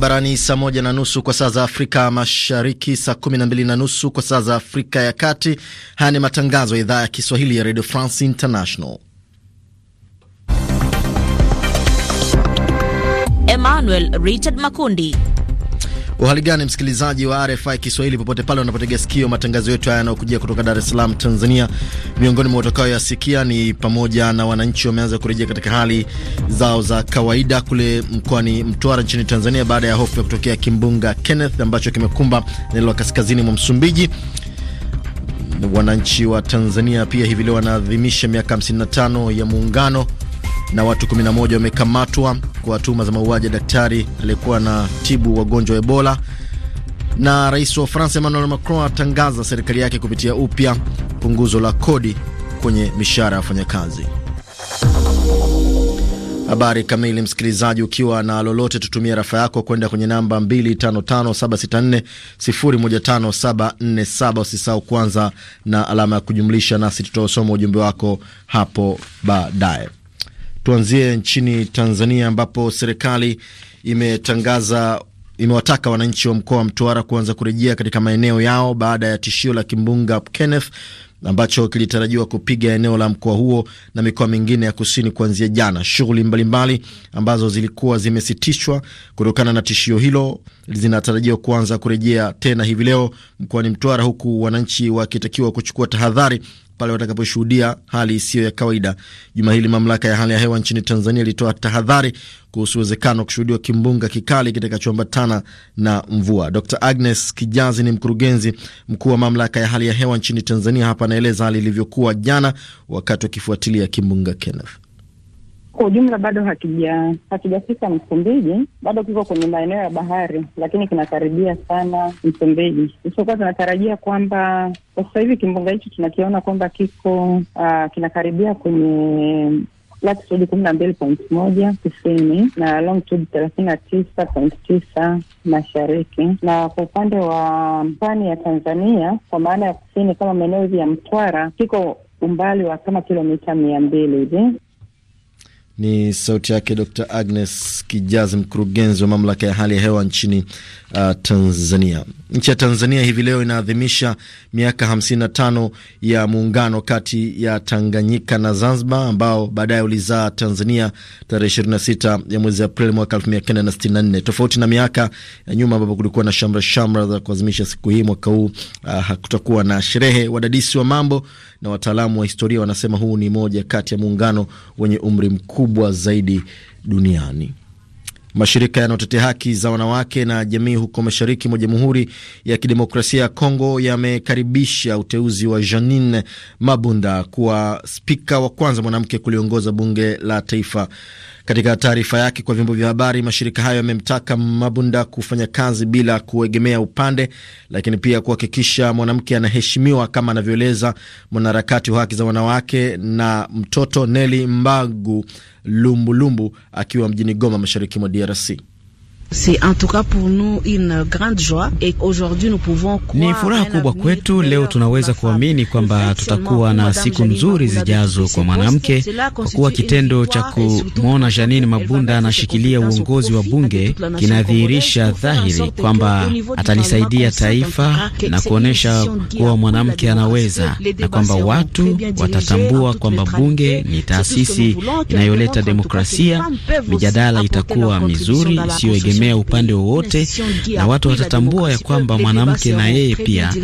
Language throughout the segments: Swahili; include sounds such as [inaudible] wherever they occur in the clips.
barani, saa moja na nusu kwa saa za Afrika Mashariki, saa kumi na mbili na nusu kwa saa za Afrika ya Kati. Haya ni matangazo ya idhaa ya Kiswahili ya Radio France International. Emmanuel Richard Makundi. Uhali gani msikilizaji wa RFI Kiswahili popote pale unapotega sikio, matangazo yetu haya yanayokujia kutoka Dar es Salaam, Tanzania. Miongoni mwa utakao yasikia ni pamoja na wananchi wameanza kurejea katika hali zao za kawaida kule mkoani Mtwara nchini Tanzania baada ya hofu ya kutokea kimbunga Kenneth ambacho kimekumba eneo la kaskazini mwa Msumbiji. Wananchi wa Tanzania pia hivi leo wanaadhimisha miaka 55 ya muungano na watu 11 wamekamatwa kwa tuhuma za mauaji ya daktari aliyekuwa na tibu wagonjwa wa Ebola. Na rais wa France Emmanuel Macron atangaza serikali yake kupitia upya punguzo la kodi kwenye mishahara ya wafanyakazi. Habari kamili, msikilizaji, ukiwa na lolote, tutumia rafa yako kwenda kwenye namba 255764015747. Usisahau kwanza na alama ya kujumlisha, nasi tutaosoma ujumbe wako hapo baadaye. Tuanzie nchini Tanzania ambapo serikali imetangaza imewataka wananchi wa mkoa wa Mtwara kuanza kurejea katika maeneo yao baada ya tishio la kimbunga Kenneth ambacho kilitarajiwa kupiga eneo la mkoa huo na mikoa mingine ya kusini kuanzia jana. Shughuli mbalimbali ambazo zilikuwa zimesitishwa kutokana na tishio hilo zinatarajiwa kuanza kurejea tena hivi leo mkoani Mtwara, huku wananchi wakitakiwa kuchukua tahadhari pale watakaposhuhudia hali isiyo ya kawaida. Juma hili mamlaka ya hali ya hewa nchini Tanzania ilitoa tahadhari kuhusu uwezekano wa kushuhudiwa kimbunga kikali kitakachoambatana na mvua. Dr Agnes Kijazi ni mkurugenzi mkuu wa mamlaka ya hali ya hewa nchini Tanzania. Hapa anaeleza hali ilivyokuwa jana wakati wakifuatilia kimbunga Kenneth. Kwa ujumla bado hakija hakijafika Msumbiji, bado kiko kwenye maeneo ya bahari, lakini kinakaribia sana Msumbiji. Isipokuwa tunatarajia kwamba kwa sasa hivi kimbunga hichi tunakiona kwamba kiko uh, kinakaribia kwenye latitude kumi na mbili point moja kusini na longitude thelathini na tisa point tisa mashariki. Na kwa upande wa pwani ya Tanzania, kwa maana ya kusini kama maeneo hivi ya Mtwara, kiko umbali wa kama kilomita mia mbili hivi. Ni sauti yake Dr. Agnes Kijazi, mkurugenzi wa mamlaka ya hali ya hewa nchini uh, Tanzania. Nchi ya Tanzania hivi leo inaadhimisha miaka 55 ya muungano kati ya Tanganyika na Zanzibar ambao baadaye ulizaa Tanzania tarehe 26 ya mwezi Aprili mwaka 1964. Tofauti na miaka ya nyuma ambapo kulikuwa na shamra shamra za kuadhimisha siku hii, mwaka huu uh, hakutakuwa na sherehe. Wadadisi wa mambo na wataalamu wa historia wanasema huu ni moja kati ya muungano wenye umri mkubwa zaidi duniani. Mashirika yanayotetea haki za wanawake na jamii huko mashariki mwa Jamhuri ya Kidemokrasia ya Kongo yamekaribisha uteuzi wa Janine Mabunda kuwa spika wa kwanza mwanamke kuliongoza bunge la taifa. Katika taarifa yake kwa vyombo vya habari, mashirika hayo yamemtaka Mabunda kufanya kazi bila kuegemea upande, lakini pia kuhakikisha mwanamke anaheshimiwa kama anavyoeleza mwanaharakati wa haki za wanawake na mtoto Neli Mbagu Lumbulumbu akiwa mjini Goma, mashariki mwa DRC. C'est en tout cas pour nous une grande joie et aujourd'hui nous pouvons ni furaha kubwa kwetu. Leo tunaweza kuamini kwamba tutakuwa na siku nzuri zijazo kwa mwanamke, kwa kuwa kitendo cha kumwona Janine Mabunda anashikilia uongozi wa bunge kinadhihirisha dhahiri kwamba atalisaidia taifa na kuonyesha kuwa mwanamke anaweza na kwamba watu watatambua kwamba bunge ni taasisi inayoleta demokrasia. Mijadala itakuwa mizuri isiyoegemea kuegemea upande wowote, na watu watatambua ya kwamba mwanamke na yeye pia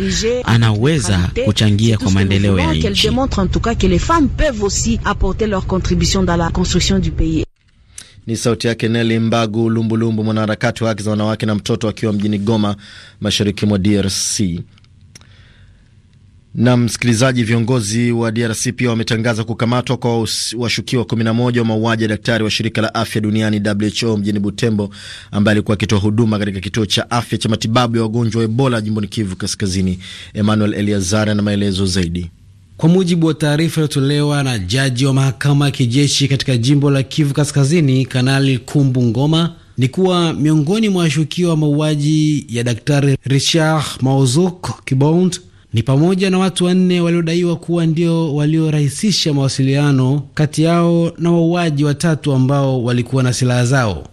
anaweza kuchangia kwa maendeleo ya nchi. Ni sauti yake Neli Mbagu Lumbulumbu, mwanaharakati wa haki za wanawake na mtoto, akiwa mjini Goma, mashariki mwa DRC. Na msikilizaji, viongozi wa DRC pia wametangaza kukamatwa kwa washukiwa 11 wa mauaji ya daktari wa shirika la afya duniani WHO mjini Butembo, ambaye alikuwa akitoa huduma katika kituo cha afya cha matibabu ya wagonjwa wa Ebola jimboni Kivu Kaskazini. Emmanuel eliazar na maelezo zaidi. Kwa mujibu wa taarifa iliyotolewa na jaji wa mahakama ya kijeshi katika jimbo la Kivu Kaskazini, Kanali Kumbu Ngoma, ni kuwa miongoni mwa washukiwa wa mauaji ya daktari Richard Mauzuk Kibond ni pamoja na watu wanne waliodaiwa kuwa ndio waliorahisisha mawasiliano kati yao na wauaji watatu ambao walikuwa na silaha zao.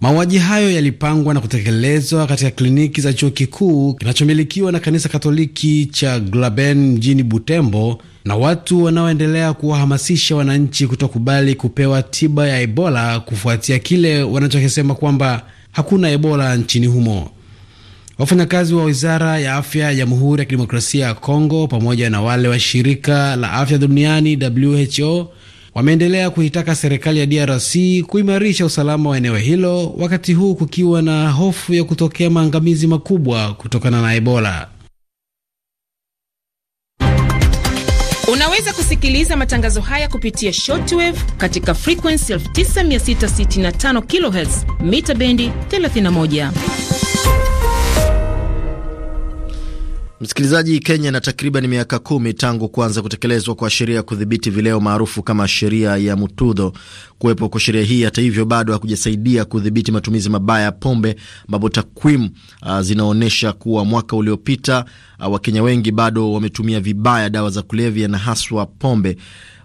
Mauaji hayo yalipangwa na kutekelezwa katika kliniki za chuo kikuu kinachomilikiwa na kanisa Katoliki cha Glaben mjini Butembo, na watu wanaoendelea kuwahamasisha wananchi kutokubali kupewa tiba ya Ebola kufuatia kile wanachokisema kwamba hakuna Ebola nchini humo. Wafanyakazi wa wizara ya afya ya Jamhuri ya Kidemokrasia ya Kongo pamoja na wale wa shirika la afya duniani WHO wameendelea kuitaka serikali ya DRC kuimarisha usalama wa eneo hilo, wakati huu kukiwa na hofu ya kutokea maangamizi makubwa kutokana na Ebola. Unaweza kusikiliza matangazo haya kupitia shortwave katika frequency 9665 kHz mita bendi 31. Msikilizaji, Kenya na takriban miaka kumi tangu kuanza kutekelezwa kwa sheria ya kudhibiti vileo maarufu kama sheria ya Mutudho. Kuwepo kwa sheria hii, hata hivyo, bado hakujasaidia kudhibiti matumizi mabaya ya pombe, ambapo takwimu ah, zinaonyesha kuwa mwaka uliopita ah, Wakenya wengi bado wametumia vibaya dawa za kulevya na haswa pombe.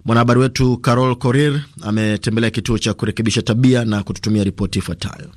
Mwanahabari wetu Carol Korir ametembelea kituo cha kurekebisha tabia na kututumia ripoti ifuatayo.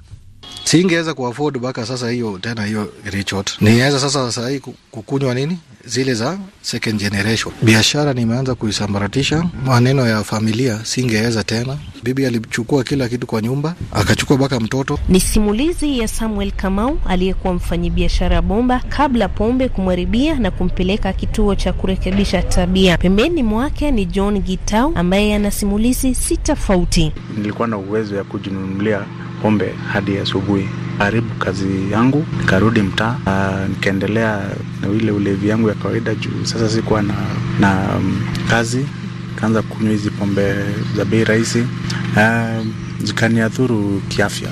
Singeweza kuafford mpaka sasa hiyo tena hiyo Richard. Niweza sasa sasa hii kukunywa nini? Zile za second generation. Biashara nimeanza kuisambaratisha, maneno ya familia singeweza tena. Bibi alichukua kila kitu kwa nyumba, akachukua mpaka mtoto. Ni simulizi ya Samuel Kamau aliyekuwa mfanyibiashara bomba kabla pombe kumharibia na kumpeleka kituo cha kurekebisha tabia. Pembeni mwake ni John Gitau ambaye ana simulizi si tofauti. Nilikuwa na uwezo ya kujinunulia pombe hadi asubuhi haribu kazi yangu, nikarudi mtaa nikaendelea na ile ulevi yangu ya kawaida, juu sasa sikuwa na, na um, kazi. Kaanza kunywa hizi pombe za bei rahisi, zikaniathuru kiafya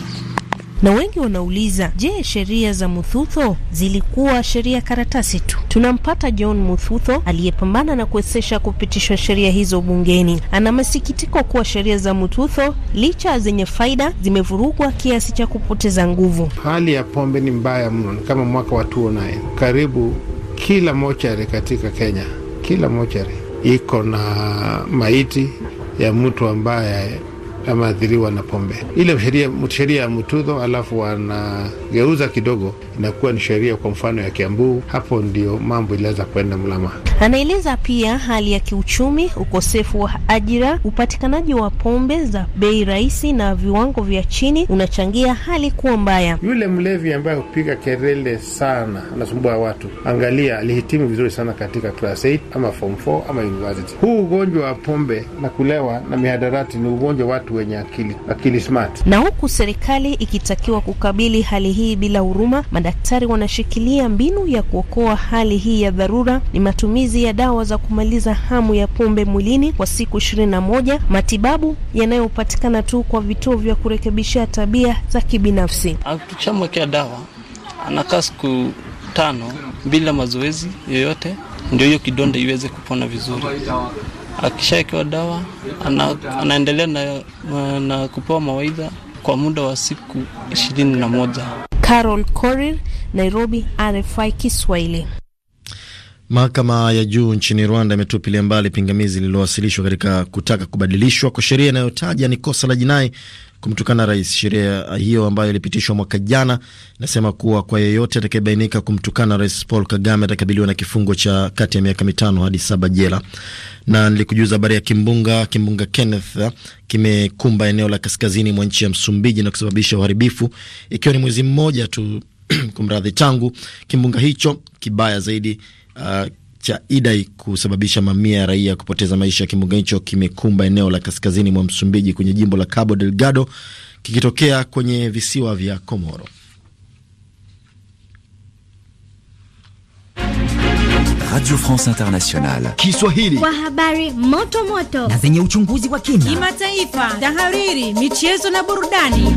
na wengi wanauliza, je, sheria za Muthutho zilikuwa sheria karatasi tu? Tunampata John Muthutho aliyepambana na kuwezesha kupitishwa sheria hizo bungeni. Ana masikitiko kuwa sheria za Muthutho licha zenye faida zimevurugwa kiasi cha kupoteza nguvu. Hali ya pombe ni mbaya mno, ni kama mwaka wa 2009 karibu kila mochari katika Kenya, kila mochari iko na maiti ya mtu ambaye ameathiriwa na pombe. Ile sheria sheria ya Mutudho alafu wanageuza kidogo, inakuwa ni sheria kwa mfano ya Kiambu. Hapo ndio mambo iliweza kuenda mlama. Anaeleza pia hali ya kiuchumi, ukosefu wa ajira, upatikanaji wa pombe za bei rahisi na viwango vya chini unachangia hali kuwa mbaya. Yule mlevi ambaye hupiga kelele sana anasumbua watu, angalia, alihitimu vizuri sana katika class 8 ama form 4 ama university. Huu ugonjwa wa pombe na kulewa na mihadarati ni ugonjwa watu watu wenye akili akili smart. Na huku serikali ikitakiwa kukabili hali hii bila huruma, madaktari wanashikilia mbinu ya kuokoa hali hii ya dharura ni matumizi ya dawa za kumaliza hamu ya pombe mwilini kwa siku ishirini na moja, matibabu yanayopatikana tu kwa vituo vya kurekebishia tabia za kibinafsi. Akichamwekea dawa anakaa siku tano bila mazoezi yoyote, ndio hiyo kidonda iweze kupona vizuri. Akishawekewa dawa ana, anaendelea na, na kupewa mawaidha kwa muda wa siku ishirini na moja. Carol Korir, Nairobi, RFI Kiswahili. Mahakama ya juu nchini Rwanda imetupilia mbali pingamizi lililowasilishwa katika kutaka kubadilishwa kwa sheria inayotaja ni kosa la jinai kumtukana rais. Sheria hiyo ambayo ilipitishwa mwaka jana inasema kuwa kwa yeyote atakayebainika kumtukana rais Paul Kagame atakabiliwa na kifungo cha kati ya miaka mitano hadi saba jela. Na nilikujuza habari ya kimbunga, kimbunga Kenneth eh, kimekumba eneo la kaskazini mwa nchi ya Msumbiji na kusababisha uharibifu, ikiwa ni mwezi mmoja tu [clears throat] kumradhi, tangu kimbunga hicho kibaya zaidi uh, cha Idai kusababisha mamia ya raia kupoteza maisha. Kimbunga hicho kimekumba eneo la kaskazini mwa Msumbiji kwenye jimbo la Cabo Delgado kikitokea kwenye visiwa vya Komoro. Radio France Internationale Kiswahili, kwa habari moto moto na zenye uchunguzi wa kina, kimataifa, tahariri, michezo na burudani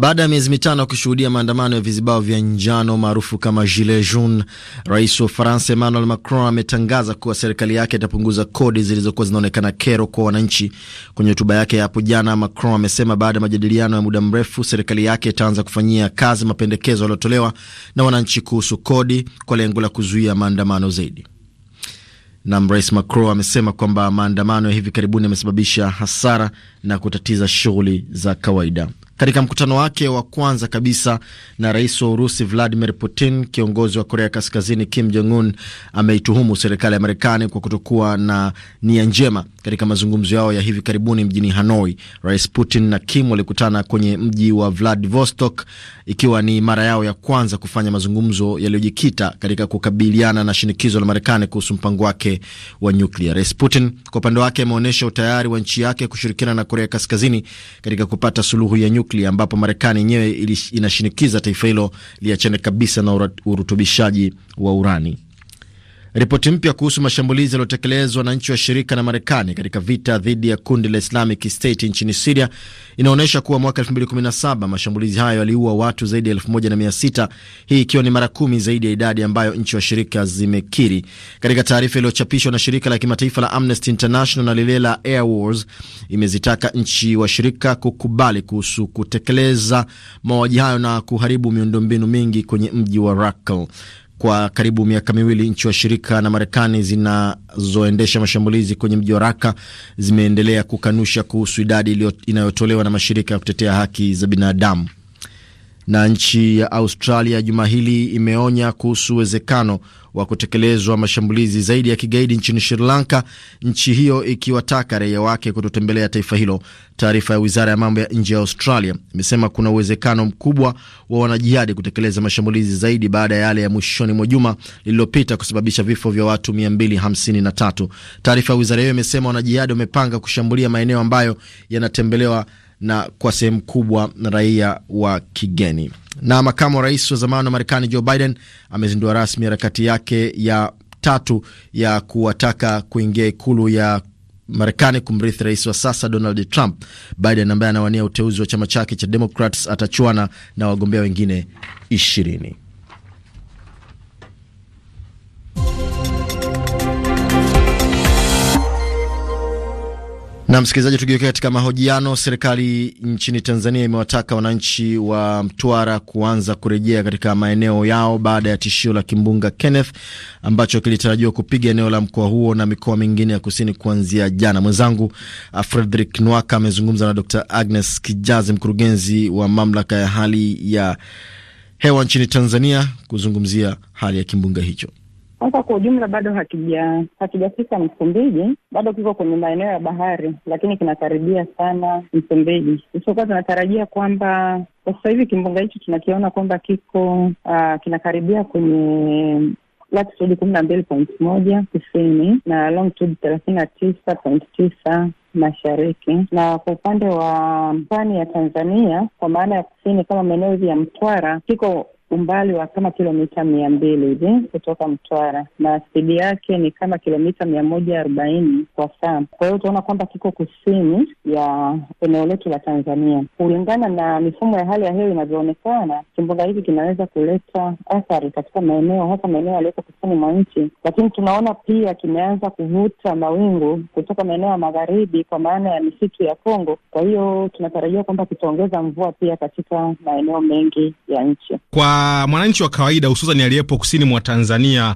Baada ya miezi mitano ya kushuhudia maandamano ya vizibao vya njano maarufu kama gilet jaune, rais wa Ufaransa Emmanuel Macron ametangaza kuwa serikali yake itapunguza kodi zilizokuwa zinaonekana kero kwa wananchi. Kwenye hotuba yake hapo jana, Macron amesema baada ya majadiliano ya muda mrefu, serikali yake itaanza kufanyia kazi mapendekezo yaliyotolewa na wananchi kuhusu kodi kwa lengo la kuzuia maandamano zaidi. Na Rais Macron amesema kwamba maandamano ya hivi karibuni yamesababisha hasara na kutatiza shughuli za kawaida. Katika mkutano wake wa kwanza kabisa na rais wa Urusi Vladimir Putin, kiongozi wa Korea Kaskazini Kim Jong Un ameituhumu serikali ya Marekani kwa kutokuwa na nia njema. Katika mazungumzo yao ya hivi karibuni mjini Hanoi, Rais Putin na Kim walikutana kwenye mji wa Vladivostok, ikiwa ni mara yao ya kwanza kufanya mazungumzo yaliyojikita katika kukabiliana na shinikizo la Marekani kuhusu mpango wake wa nyuklia. Rais Putin kwa upande wake ameonyesha utayari wa nchi yake kushirikiana na Korea Kaskazini katika kupata suluhu ya nyuklia nyuklia ambapo Marekani yenyewe inashinikiza taifa hilo liachane kabisa na urutubishaji wa urani. Ripoti mpya kuhusu mashambulizi yaliyotekelezwa na nchi washirika na Marekani katika vita dhidi ya kundi la Islamic State nchini Siria inaonyesha kuwa mwaka 2017 mashambulizi hayo yaliua watu zaidi ya 1600 hii ikiwa ni mara kumi zaidi ya idadi ambayo nchi washirika zimekiri. Katika taarifa iliyochapishwa na shirika la kimataifa la Amnesty International na lile la Air Wars, imezitaka nchi washirika kukubali kuhusu kutekeleza mauaji hayo na kuharibu miundombinu mingi kwenye mji wa Raqqa. Kwa karibu miaka miwili nchi washirika na Marekani zinazoendesha mashambulizi kwenye mji wa Raka zimeendelea kukanusha kuhusu idadi inayotolewa na mashirika ya kutetea haki za binadamu. Na nchi ya Australia juma hili imeonya kuhusu uwezekano wa kutekelezwa mashambulizi zaidi ya kigaidi nchini Sri Lanka, nchi hiyo ikiwataka raia wake kutotembelea taifa hilo. Taarifa ya wizara ya mambo ya nje ya Australia imesema kuna uwezekano mkubwa wa wanajihadi kutekeleza mashambulizi zaidi baada ya yale ya mwishoni mwa juma lililopita kusababisha vifo vya watu 253. Taarifa ya wizara hiyo imesema wanajihadi wamepanga kushambulia maeneo ambayo yanatembelewa na kwa sehemu kubwa raia wa kigeni. Na makamu wa rais wa zamani wa Marekani Joe Biden amezindua rasmi harakati yake ya tatu ya kuwataka kuingia ikulu ya Marekani kumrithi rais wa sasa Donald Trump. Biden ambaye anawania uteuzi wa chama chake cha Democrats atachuana na wagombea wengine ishirini. Na msikilizaji, tukielekea katika mahojiano, serikali nchini Tanzania imewataka wananchi wa Mtwara kuanza kurejea katika maeneo yao baada ya tishio la kimbunga Kenneth ambacho kilitarajiwa kupiga eneo la mkoa huo na mikoa mingine ya kusini kuanzia jana. Mwenzangu uh, Frederick Nwaka amezungumza na Dr. Agnes Kijazi, mkurugenzi wa mamlaka ya hali ya hewa nchini Tanzania, kuzungumzia hali ya kimbunga hicho. Sasa kwa ujumla bado hakija hakijafika Msumbiji, bado kiko kwenye maeneo ya bahari, lakini kinakaribia sana Msumbiji. Isipokuwa tunatarajia kwamba kwa sasa hivi kimbunga hicho tunakiona kwamba kiko uh, kinakaribia kwenye latitude kumi na mbili point moja kusini na longitude thelathini na tisa point tisa mashariki na kwa upande wa pwani ya Tanzania, kwa maana ya kusini kama maeneo hivi ya Mtwara, kiko umbali wa kama kilomita mia mbili hivi kutoka Mtwara, na spidi yake ni kama kilomita mia moja arobaini kwa saa. Kwa hiyo utaona kwamba kiko kusini ya eneo letu la Tanzania. Kulingana na mifumo ya hali ya hewa inavyoonekana, kimbunga hiki kinaweza kuleta athari katika maeneo, hasa maeneo yaliyoko kusini mwa nchi, lakini tunaona pia kimeanza kuvuta mawingu kutoka maeneo ya magharibi, kwa maana ya misitu ya Kongo. Kwa hiyo tunatarajia kwamba kitaongeza mvua pia katika maeneo mengi ya nchi kwa mwananchi wa kawaida, hususan aliyepo kusini mwa Tanzania,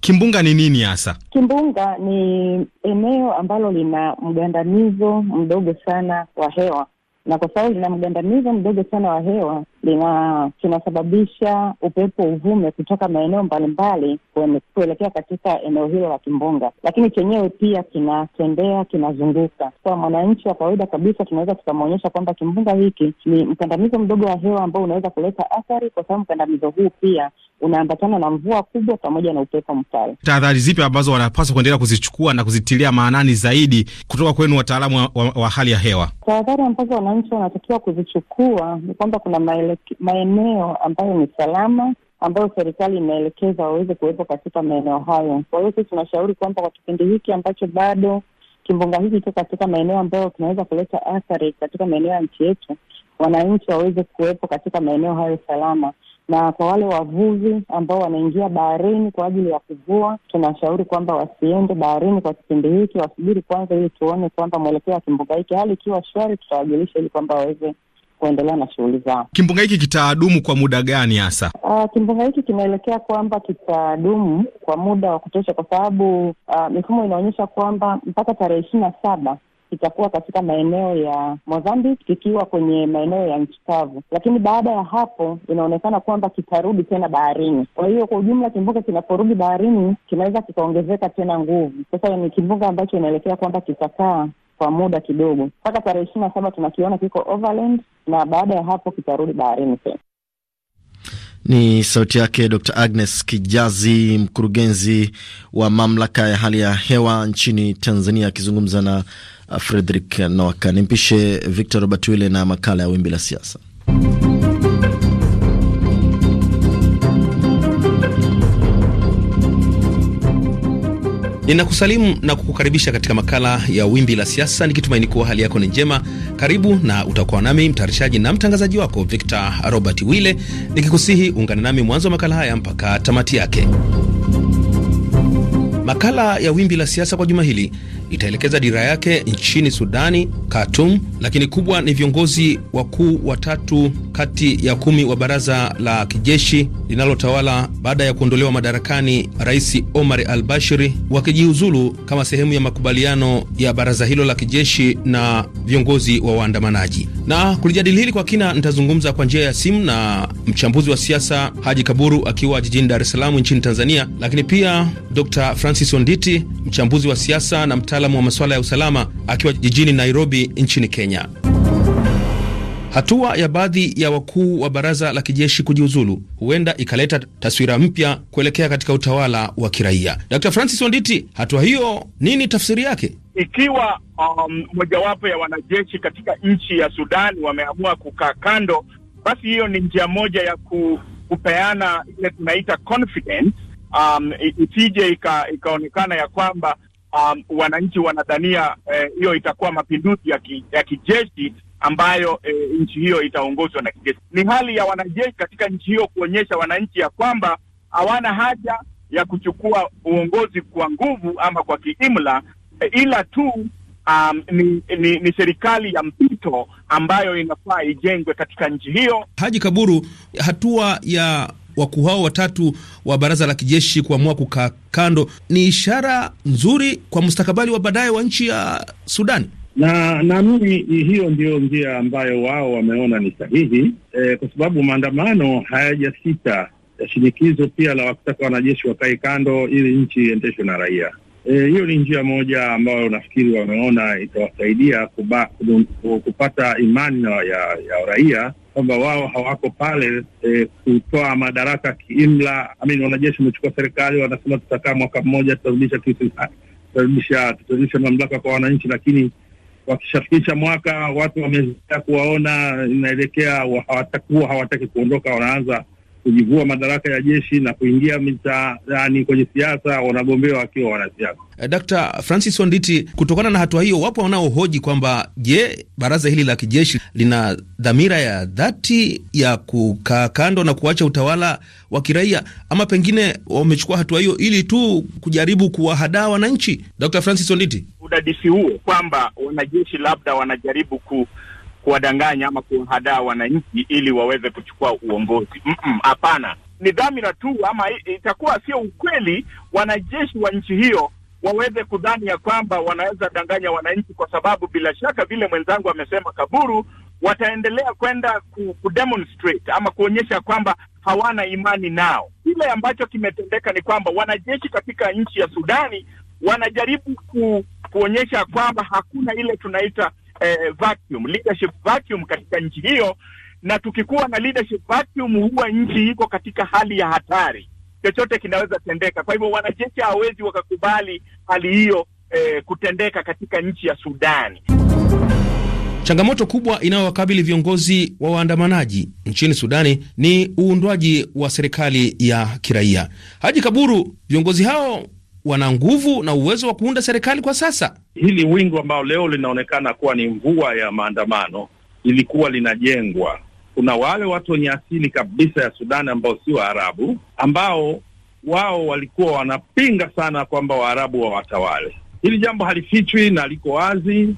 kimbunga ni nini hasa? Kimbunga ni eneo ambalo lina mgandamizo mdogo sana wa hewa, na kwa sababu lina mgandamizo mdogo sana wa hewa lina kinasababisha upepo uvume kutoka maeneo mbalimbali kuelekea katika eneo hilo la kimbunga, lakini chenyewe pia kinatembea, kinazunguka. Kwa mwananchi wa kawaida kabisa, tunaweza tukamwonyesha kwamba kimbunga hiki ni mkandamizo mdogo wa hewa ambao unaweza kuleta athari, kwa sababu mkandamizo huu pia unaambatana na mvua kubwa pamoja na upepo mkali. Tahadhari zipi ambazo wanapaswa kuendelea kuzichukua na kuzitilia maanani zaidi kutoka kwenu wataalamu wa, wa, wa hali ya hewa? Tahadhari ambazo wananchi wanatakiwa kuzichukua ni kwamba kuna maele maeneo ambayo ni salama ambayo serikali imeelekeza waweze kuwepo katika maeneo hayo. Kwa hiyo sisi tunashauri kwamba kwa kipindi hiki ambacho bado kimbunga hiki kiko katika maeneo ambayo kinaweza kuleta athari katika maeneo ya nchi yetu, wananchi waweze kuwepo katika maeneo hayo salama. Na kwa wale wavuvi ambao wanaingia baharini kwa ajili ya kuvua, tunashauri kwamba wasiende baharini kwa kipindi hiki, wasubiri kwanza, ili tuone kwamba mwelekeo wa kimbunga hiki, hali ikiwa shwari, tutawajulisha ili kwamba waweze kuendelea na shughuli zao. Kimbunga hiki kitaadumu kwa muda gani hasa? Uh, kimbunga hiki kinaelekea kwamba kitaadumu kwa muda wa kutosha, kwa sababu uh, mifumo inaonyesha kwamba mpaka tarehe ishirini na saba kitakuwa katika maeneo ya Mozambique kikiwa kwenye maeneo ya nchi kavu, lakini baada ya hapo inaonekana kwamba kitarudi tena baharini. Kwa hiyo kwa ujumla, kimbunga kinaporudi baharini kinaweza kikaongezeka tena nguvu. Sasa ni kimbunga ambacho inaelekea kwamba kitakaa kwa muda kidogo mpaka tarehe ishirini na saba tunakiona kiko overland na baada ya hapo kitarudi baharini tena. Ni sauti yake Dr. Agnes Kijazi, mkurugenzi wa mamlaka ya hali ya hewa nchini Tanzania, akizungumza na uh, Frederick Noaka. Nimpishe Victor Robert wille na makala ya wimbi la siasa. Ninakusalimu na kukukaribisha katika makala ya Wimbi la Siasa, nikitumaini kuwa hali yako ni njema. Karibu na utakuwa nami mtayarishaji na mtangazaji wako Victor Robert Wille, nikikusihi uungane nami mwanzo wa makala haya mpaka tamati yake. Makala ya Wimbi la Siasa kwa juma hili itaelekeza dira yake nchini Sudani, Khartoum, lakini kubwa ni viongozi wakuu watatu kati ya kumi wa baraza la kijeshi linalotawala baada ya kuondolewa madarakani Rais Omar al Bashiri wakijiuzulu kama sehemu ya makubaliano ya baraza hilo la kijeshi na viongozi wa waandamanaji. Na kulijadili hili kwa kina, nitazungumza kwa njia ya simu na mchambuzi wa siasa Haji Kaburu akiwa jijini Dar es Salaam nchini Tanzania, lakini pia Dr Francis Onditi, mchambuzi wa siasa na mta mtaalamu wa masuala ya usalama akiwa jijini Nairobi nchini Kenya. Hatua ya baadhi ya wakuu wa baraza la kijeshi kujiuzulu huenda ikaleta taswira mpya kuelekea katika utawala wa kiraia. Dr Francis Onditi, hatua hiyo nini tafsiri yake? Ikiwa um, mojawapo ya wanajeshi katika nchi ya Sudan wameamua kukaa kando, basi hiyo ni njia moja ya ku, kupeana ile tunaita confidence um, isije ikaonekana ya kwamba um, wananchi wanadhania eh, hiyo eh, itakuwa mapinduzi ya, ki, ya kijeshi ambayo eh, nchi hiyo itaongozwa na kijeshi. Ni hali ya wanajeshi katika nchi hiyo kuonyesha wananchi ya kwamba hawana haja ya kuchukua uongozi kwa nguvu ama kwa kiimla, eh, ila tu Um, ni, ni, ni serikali ya mpito ambayo inafaa ijengwe katika nchi hiyo. Haji Kaburu, hatua ya wakuu hao watatu wa baraza la kijeshi kuamua kukaa kando ni ishara nzuri kwa mustakabali wa baadaye wa nchi ya Sudani na naamini hiyo ndiyo njia ambayo wao wameona ni sahihi e, kwa sababu maandamano hayajasita shinikizo pia la wakutaka wanajeshi wakae kando ili nchi iendeshwe na raia. E, hiyo e, ni njia moja ambayo nafikiri wameona itawasaidia kuba, kupata imani ya, ya raia kwamba wao hawako pale e, kutoa madaraka kiimla. mean, wanajeshi wamechukua serikali, wanasema tutakaa mwaka mmoja, tutarudisha tutarudisha mamlaka kwa wananchi, lakini wakishafikisha mwaka watu wamezoea kuwaona, inaelekea hawatakuwa hawataki kuondoka, wanaanza kujivua madaraka ya jeshi na kuingia mitaani kwenye siasa, wanagombea wakiwa wanasiasa. Eh, Dkt. Francis Wanditi, kutokana na hatua hiyo, wapo wanaohoji kwamba je, baraza hili la kijeshi lina dhamira ya dhati ya kukaa kando na kuacha utawala wa kiraia, ama pengine wamechukua hatua hiyo ili tu kujaribu kuwahadaa wananchi? Dr. Francis Wanditi, udadisi huo kwamba wanajeshi labda wanajaribu ku kuwadanganya ama kuwahadaa wananchi ili waweze kuchukua uongozi. Hapana, mm -mm, ni dhamira tu, ama itakuwa sio ukweli wanajeshi wa nchi hiyo waweze kudhani ya kwamba wanaweza danganya wananchi, kwa sababu bila shaka vile mwenzangu amesema, Kaburu, wataendelea kwenda ku, ku ama kuonyesha kwamba hawana imani nao. Kile ambacho kimetendeka ni kwamba wanajeshi katika nchi ya Sudani wanajaribu ku, kuonyesha kwamba hakuna ile tunaita eh, vacuum, leadership vacuum katika nchi hiyo, na tukikuwa na leadership vacuum huwa nchi iko katika hali ya hatari, chochote kinaweza tendeka. Kwa hivyo wanajeshi hawezi wakakubali hali hiyo eh, kutendeka katika nchi ya Sudani. Changamoto kubwa inayowakabili viongozi wa waandamanaji nchini Sudani ni uundwaji wa serikali ya kiraia. Haji Kaburu, viongozi hao wana nguvu na uwezo wa kuunda serikali kwa sasa. Hili wingu ambao leo linaonekana kuwa ni mvua ya maandamano lilikuwa linajengwa. Kuna wale watu wenye asili kabisa ya Sudani ambao si Waarabu, ambao wao walikuwa wanapinga sana kwamba Waarabu wawatawale. Hili jambo halifichwi na liko wazi,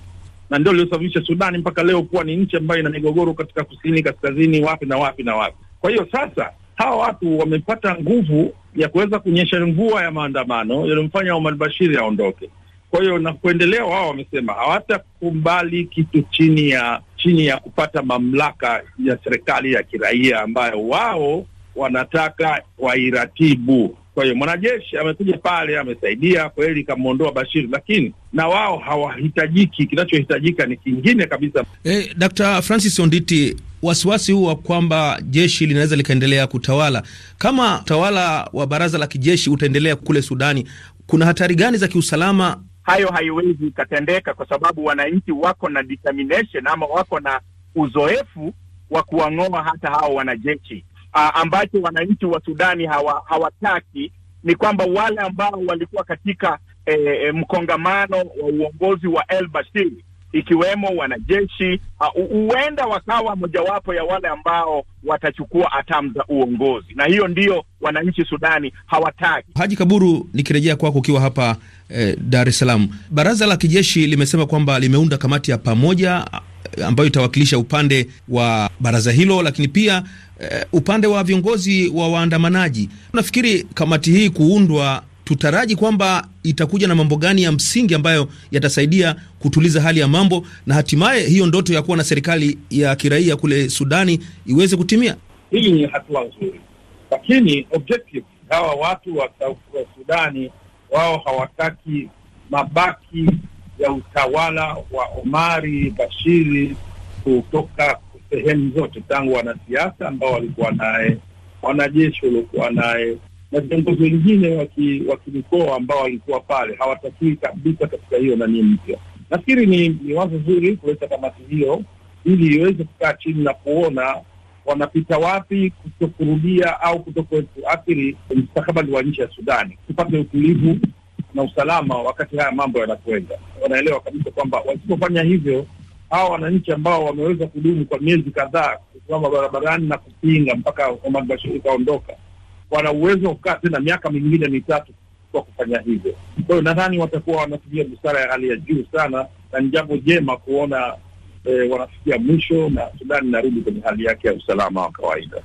na ndio liliosababisha Sudani mpaka leo kuwa ni nchi ambayo ina migogoro katika kusini, kaskazini, wapi na wapi na wapi. Kwa hiyo sasa hawa watu wamepata nguvu ya kuweza kunyesha mvua ya maandamano yaliyomfanya Omar Bashir aondoke. Kwa hiyo na kuendelea, wao wamesema hawatakubali kitu chini ya chini ya kupata mamlaka ya serikali ya kiraia ambayo wao wanataka wairatibu. Kwa hiyo mwanajeshi amekuja pale, amesaidia kweli, kamwondoa Bashir, lakini na wao hawahitajiki. Kinachohitajika ni kingine kabisa. Hey, eh, Dr. Francis Onditi, wasiwasi huu wa kwamba jeshi linaweza likaendelea kutawala, kama utawala wa baraza la kijeshi utaendelea kule Sudani, kuna hatari gani za kiusalama? Hayo haiwezi ikatendeka kwa sababu wananchi wako na determination ama wako na uzoefu wa kuwang'oa hata hao wanajeshi uh, ambacho wananchi wa Sudani hawa, hawataki ni kwamba wale ambao walikuwa katika eh, mkongamano wa uongozi wa El Bashir ikiwemo wanajeshi huenda uh, wakawa mojawapo ya wale ambao watachukua hatamu za uongozi, na hiyo ndiyo wananchi Sudani hawataki. Haji Kaburu, nikirejea kwako ukiwa hapa eh, Dar es Salaam, baraza la kijeshi limesema kwamba limeunda kamati ya pamoja ambayo itawakilisha upande wa baraza hilo, lakini pia uh, upande wa viongozi wa waandamanaji. Nafikiri kamati hii kuundwa, tutaraji kwamba itakuja na mambo gani ya msingi ambayo yatasaidia kutuliza hali ya mambo na hatimaye hiyo ndoto ya kuwa na serikali ya kiraia kule Sudani iweze kutimia. hili ni hatua nzuri, lakini objective hawa watu wa Sudani wao hawataki mabaki ya utawala wa Omari Bashiri kutoka sehemu zote, tangu wanasiasa ambao walikuwa naye, wanajeshi waliokuwa naye na viongozi wengine wa kimikoa ambao walikuwa pale, hawatakiwi kabisa katika hiyo nani mpya. Nafikiri ni, ni wazo zuri kuleta kamati hiyo ili iweze kukaa chini na kuona wanapita wapi kutokurudia au kutokuathiri mstakabali wa nchi ya Sudani, tupate utulivu na usalama wakati haya mambo yanakwenda. Wanaelewa kabisa kwamba wasipofanya hivyo, hawa wananchi ambao wameweza kudumu kwa miezi kadhaa kusimama barabarani na kupinga mpaka Omar Bashir wana uwezo wa kukaa tena miaka mingine mitatu kwa kufanya hivyo. Kwa hiyo nadhani watakuwa wanatumia busara ya hali ya juu sana, na ni jambo jema kuona eh, wanafikia mwisho na Sudani inarudi kwenye hali yake ya usalama wa kawaida.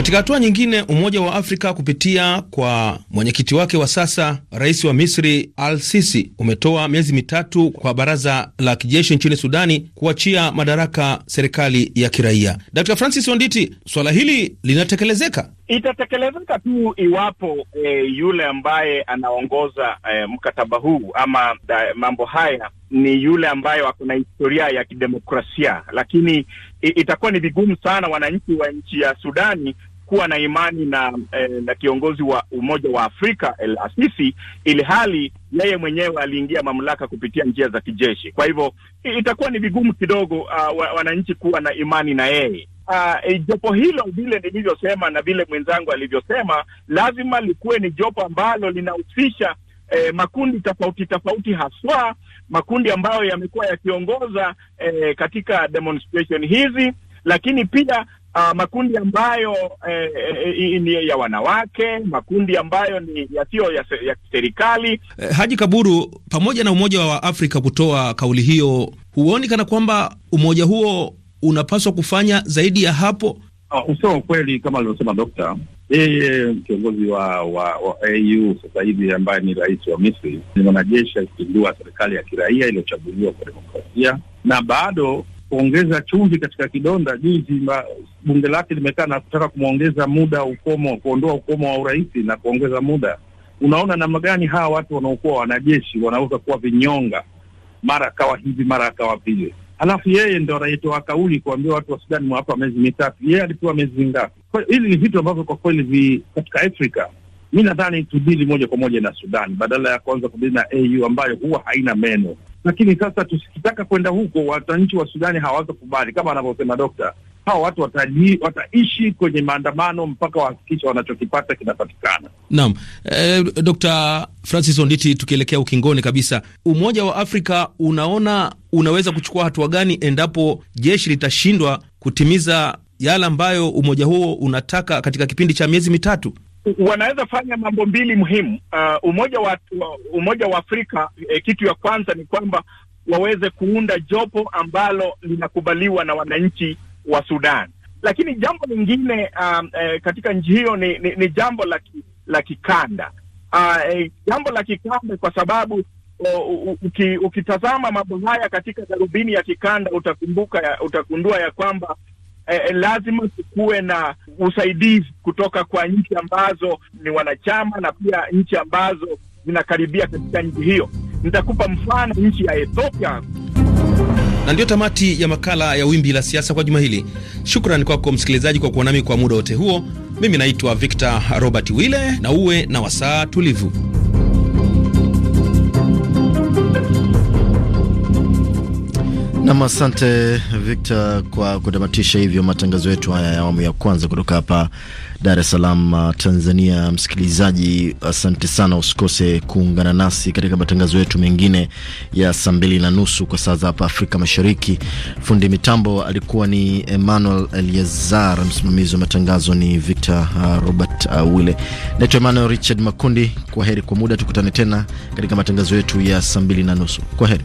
Katika hatua nyingine, Umoja wa Afrika kupitia kwa mwenyekiti wake wa sasa, rais wa Misri Al-Sisi, umetoa miezi mitatu kwa baraza la kijeshi nchini Sudani kuachia madaraka serikali ya kiraia. Dr. Francis Onditi, swala hili linatekelezeka? Itatekelezeka tu iwapo e, yule ambaye anaongoza e, mkataba huu ama da, eh, mambo haya ni yule ambayo ako na historia ya kidemokrasia, lakini itakuwa ni vigumu sana wananchi wa nchi ya Sudani kuwa na imani na, eh, na kiongozi wa Umoja wa Afrika El Asisi, ili hali yeye mwenyewe aliingia mamlaka kupitia njia za kijeshi. Kwa hivyo itakuwa ni vigumu kidogo uh, wananchi kuwa na imani na yeye. Uh, jopo hilo vile nilivyosema na vile mwenzangu alivyosema, lazima likuwe ni jopo ambalo linahusisha eh, makundi tofauti tofauti, haswa makundi ambayo yamekuwa yakiongoza eh, katika demonstration hizi, lakini pia Uh, makundi ambayo eh, eh, eh, ni ya wanawake, makundi ambayo ni yasiyo ya, ya serikali. Eh, Haji Kaburu, pamoja na Umoja wa Afrika kutoa kauli hiyo, huoni kana kwamba umoja huo unapaswa kufanya zaidi ya hapo? Ah, Usema ukweli, kama alivyosema dokta, yeye kiongozi wa wa, wa AU sasa hivi ambaye ni rais wa Misri ni mwanajeshi alipindua serikali ya kiraia iliyochaguliwa kwa demokrasia na bado kuongeza chumvi katika kidonda. Juzi bunge lake limekaa na kutaka kumwongeza muda ukomo, kuondoa ukomo wa urais na kuongeza muda. Unaona namna gani hawa watu wanaokuwa wanajeshi wanaweza kuwa vinyonga, mara akawa hivi, mara akawa vile. Alafu yeye ndo anayetoa kauli kuambia watu wa Sudani mwapa miezi mitatu, yeye alipewa miezi mingapi? Hili ni vitu ambavyo kwa kweli vi katika Afrika mi nadhani tudili moja kwa moja na Sudani badala ya kuanza kudili na AU ambayo huwa haina meno lakini sasa tusikitaka kwenda huko, wananchi wa Sudani hawatakubali kama anavyosema Dokta. Hawa watu watali, wataishi kwenye maandamano mpaka wahakikisha wanachokipata kinapatikana. Naam. Eh, Dr. Francis Onditi, tukielekea ukingoni kabisa, Umoja wa Afrika unaona unaweza kuchukua hatua gani endapo jeshi litashindwa kutimiza yale ambayo umoja huo unataka katika kipindi cha miezi mitatu? wanaweza fanya mambo mbili muhimu. Uh, umoja wa Umoja wa Afrika eh, kitu ya kwanza ni kwamba waweze kuunda jopo ambalo linakubaliwa na wananchi wa Sudan, lakini jambo lingine um, eh, katika nchi hiyo ni, ni, ni jambo la la kikanda uh, eh, jambo la kikanda kwa sababu uh, uki, ukitazama mambo haya katika darubini ya kikanda utakumbuka ya, ya kwamba Eh, eh, lazima kuwe na usaidizi kutoka kwa nchi ambazo ni wanachama na pia nchi ambazo zinakaribia katika nchi hiyo. Nitakupa mfano nchi ya Ethiopia. Na ndiyo tamati ya makala ya Wimbi la Siasa kwa juma hili. Shukrani kwako msikilizaji kwa kuwa nami kwa muda wote huo. Mimi naitwa Victor Robert wille na uwe na wasaa tulivu. Nam, asante Victor kwa kutamatisha hivyo matangazo yetu haya ya awamu ya kwanza kutoka hapa Dar es Salaam, uh, Tanzania. Msikilizaji, asante sana, usikose kuungana nasi katika matangazo yetu mengine ya saa mbili na nusu kwa saa za hapa Afrika Mashariki. Fundi mitambo alikuwa ni Emmanuel Eliazar, msimamizi wa matangazo ni Victor uh, Robert uh, Wille. Naitwa Emmanuel Richard Makundi. Kwa heri kwa muda, tukutane tena katika matangazo yetu ya saa mbili na nusu. Kwa heri.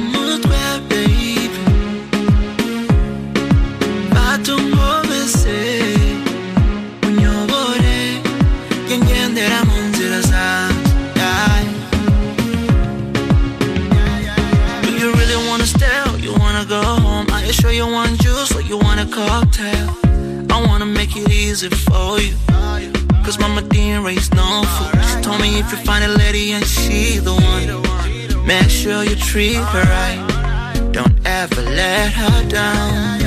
lady and she the one. Make sure you treat her right. Don't ever let her down.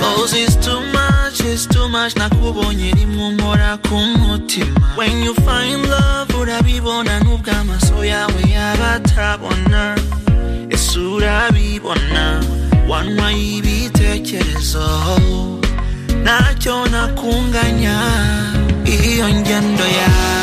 Cause it's too much, it's too much. Nakubonyeri mumora kumutima. When you find love, urabibona nubwama so yawe yabatabona. Ese urabibona, wanwa y'ibitekerezo. Nacyo nakunganya, iyo ngendo yawe.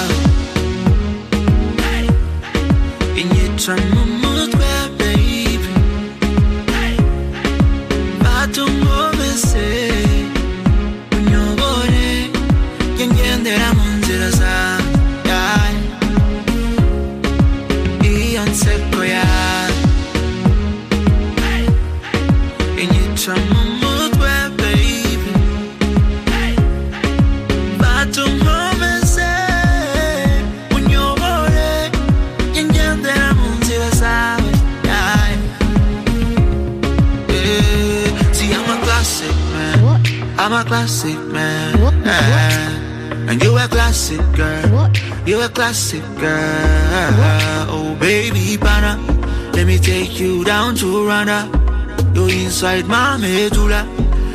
outside my medulla.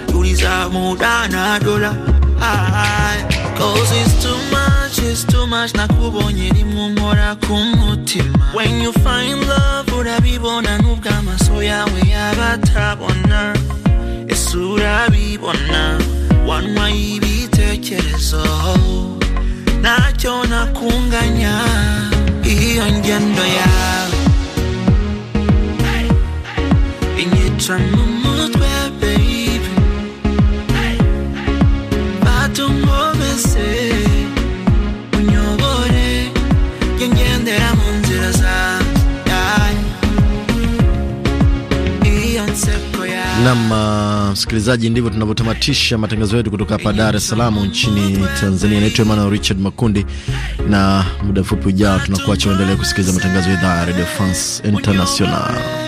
Goonies have more than a dollar. Cause it's too much, it's too much. Nakubonyeri mumora kumutima. When you find love, urabibona n'ubwama so yawe yabatabona. Ese urabibona, wanwa y'ibitekerezo. Nacyo nakunganya, iyo ngendo yawe. Nam uh, msikilizaji, ndivyo tunavyotamatisha matangazo yetu kutoka hapa Dar es Salaam nchini Tanzania. Naitwa Emmanuel Richard Makundi, na muda mfupi ujao tunakuacha uendelee kusikiliza matangazo ya idhaa ya Radio France International.